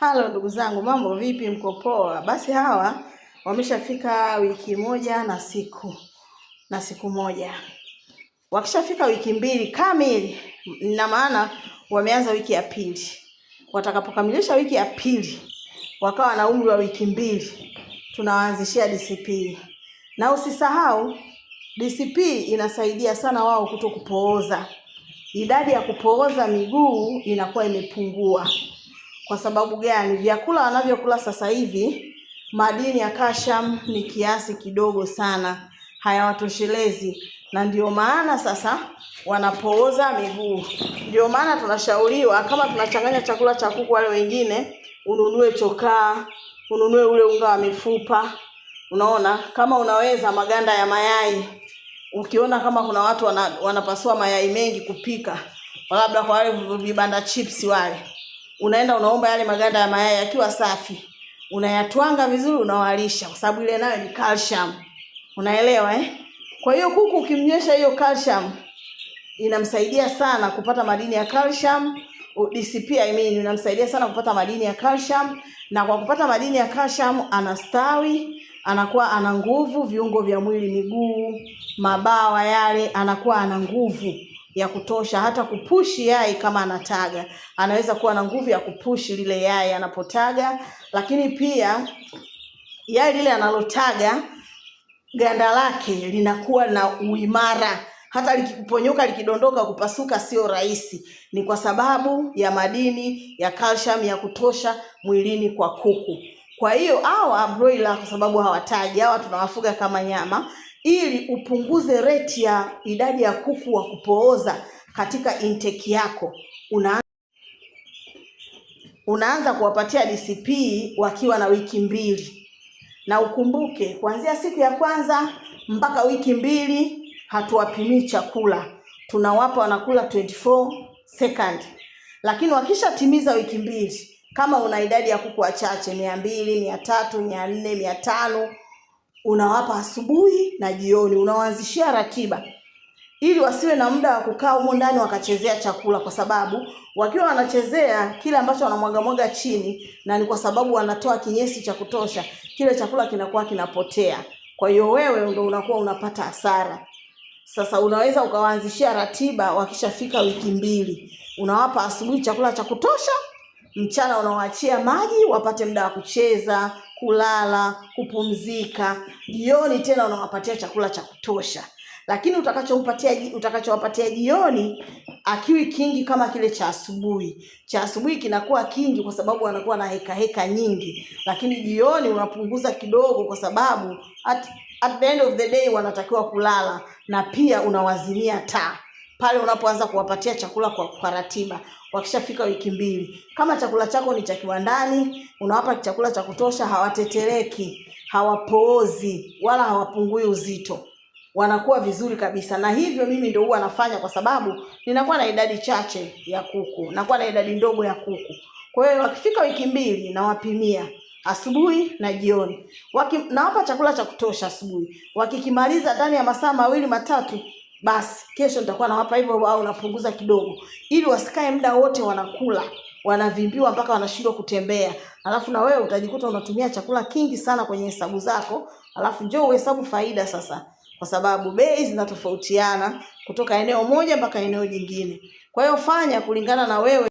Halo ndugu zangu, mambo vipi? Mko poa? Basi hawa wameshafika wiki moja na siku na siku moja. Wakishafika wiki mbili kamili, na maana wameanza wiki ya pili. Watakapokamilisha wiki ya pili, wakawa na umri wa wiki mbili, tunawaanzishia DCP. Na usisahau DCP inasaidia sana wao kuto kupooza. Idadi ya kupooza miguu inakuwa imepungua. Kwa sababu gani? Vyakula wanavyokula sasa hivi madini ya calcium ni kiasi kidogo sana, hayawatoshelezi na ndio maana sasa wanapooza miguu. Ndio maana tunashauriwa kama tunachanganya chakula cha kuku, wale wengine ununue chokaa, ununue ule unga wa mifupa, unaona kama unaweza, maganda ya mayai. Ukiona kama kuna watu wana, wanapasua mayai mengi kupika, labda kwa wale vibanda chips wale unaenda unaomba yale maganda ya mayai yakiwa safi, unayatwanga vizuri, unawalisha kwa sababu ile nayo ni calcium, unaelewa eh? Kwa hiyo kuku ukimnyesha hiyo calcium inamsaidia sana kupata madini ya calcium DCP, I mean, inamsaidia sana kupata madini ya calcium, na kwa kupata madini ya calcium anastawi, anakuwa ana nguvu, viungo vya mwili, miguu, mabawa yale, anakuwa ana nguvu ya kutosha hata kupushi yai kama anataga, anaweza kuwa na nguvu ya kupushi lile yai anapotaga. Lakini pia yai lile analotaga ganda lake linakuwa na uimara, hata likiponyoka likidondoka, kupasuka sio rahisi. Ni kwa sababu ya madini ya calcium ya kutosha mwilini kwa kuku. Kwa hiyo hawa broiler, kwa sababu hawataji, hawa tunawafuga kama nyama ili upunguze reti ya idadi ya kuku wa kupooza katika intake yako. Una, unaanza kuwapatia DCP wakiwa na wiki mbili, na ukumbuke kuanzia siku ya kwanza mpaka wiki mbili hatuwapimii chakula, tunawapa wanakula 24 second, lakini wakishatimiza wiki mbili, kama una idadi ya kuku wachache mia mbili, mia tatu, mia nne, mia tano unawapa asubuhi na jioni, unawaanzishia ratiba ili wasiwe na muda wa kukaa humo ndani wakachezea chakula, kwa sababu wakiwa wanachezea kile ambacho mwaga chini, na ni kwa sababu wanatoa kinyesi cha kutosha, kile chakula kinakuwa kinapotea. Kwa hiyo wewe ndio unakuwa unapata hasara. Sasa unaweza ukawaanzishia ratiba, wakishafika wiki mbili, unawapa asubuhi chakula cha kutosha mchana unawaachia maji wapate muda wa kucheza, kulala, kupumzika. Jioni tena unawapatia chakula cha kutosha, lakini utakachompatia utakachowapatia jioni akiwi kingi kama kile cha asubuhi. Cha asubuhi kinakuwa kingi kwa sababu anakuwa na heka heka nyingi, lakini jioni unapunguza kidogo, kwa sababu at, at the end of the day wanatakiwa kulala, na pia unawazimia taa pale unapoanza kuwapatia chakula kwa, kwa ratiba. Wakishafika wiki mbili, kama chakula chako ni cha kiwandani, unawapa chakula cha kutosha, hawatetereki, hawapoozi wala hawapungui uzito, wanakuwa vizuri kabisa. Na hivyo mimi ndio huwa nafanya, kwa sababu ninakuwa na idadi chache ya kuku, nakuwa na idadi ndogo ya kuku. Kwa hiyo wakifika wiki mbili, nawapimia asubuhi na jioni, nawapa chakula cha kutosha asubuhi. Wakikimaliza ndani ya masaa mawili matatu basi kesho nitakuwa nawapa hivyo au napunguza kidogo, ili wasikae muda wote wanakula wanavimbiwa mpaka wanashindwa kutembea. Alafu na wewe utajikuta unatumia chakula kingi sana kwenye hesabu zako, alafu njoo uhesabu faida sasa, kwa sababu bei zinatofautiana kutoka eneo moja mpaka eneo jingine. Kwa hiyo fanya kulingana na wewe.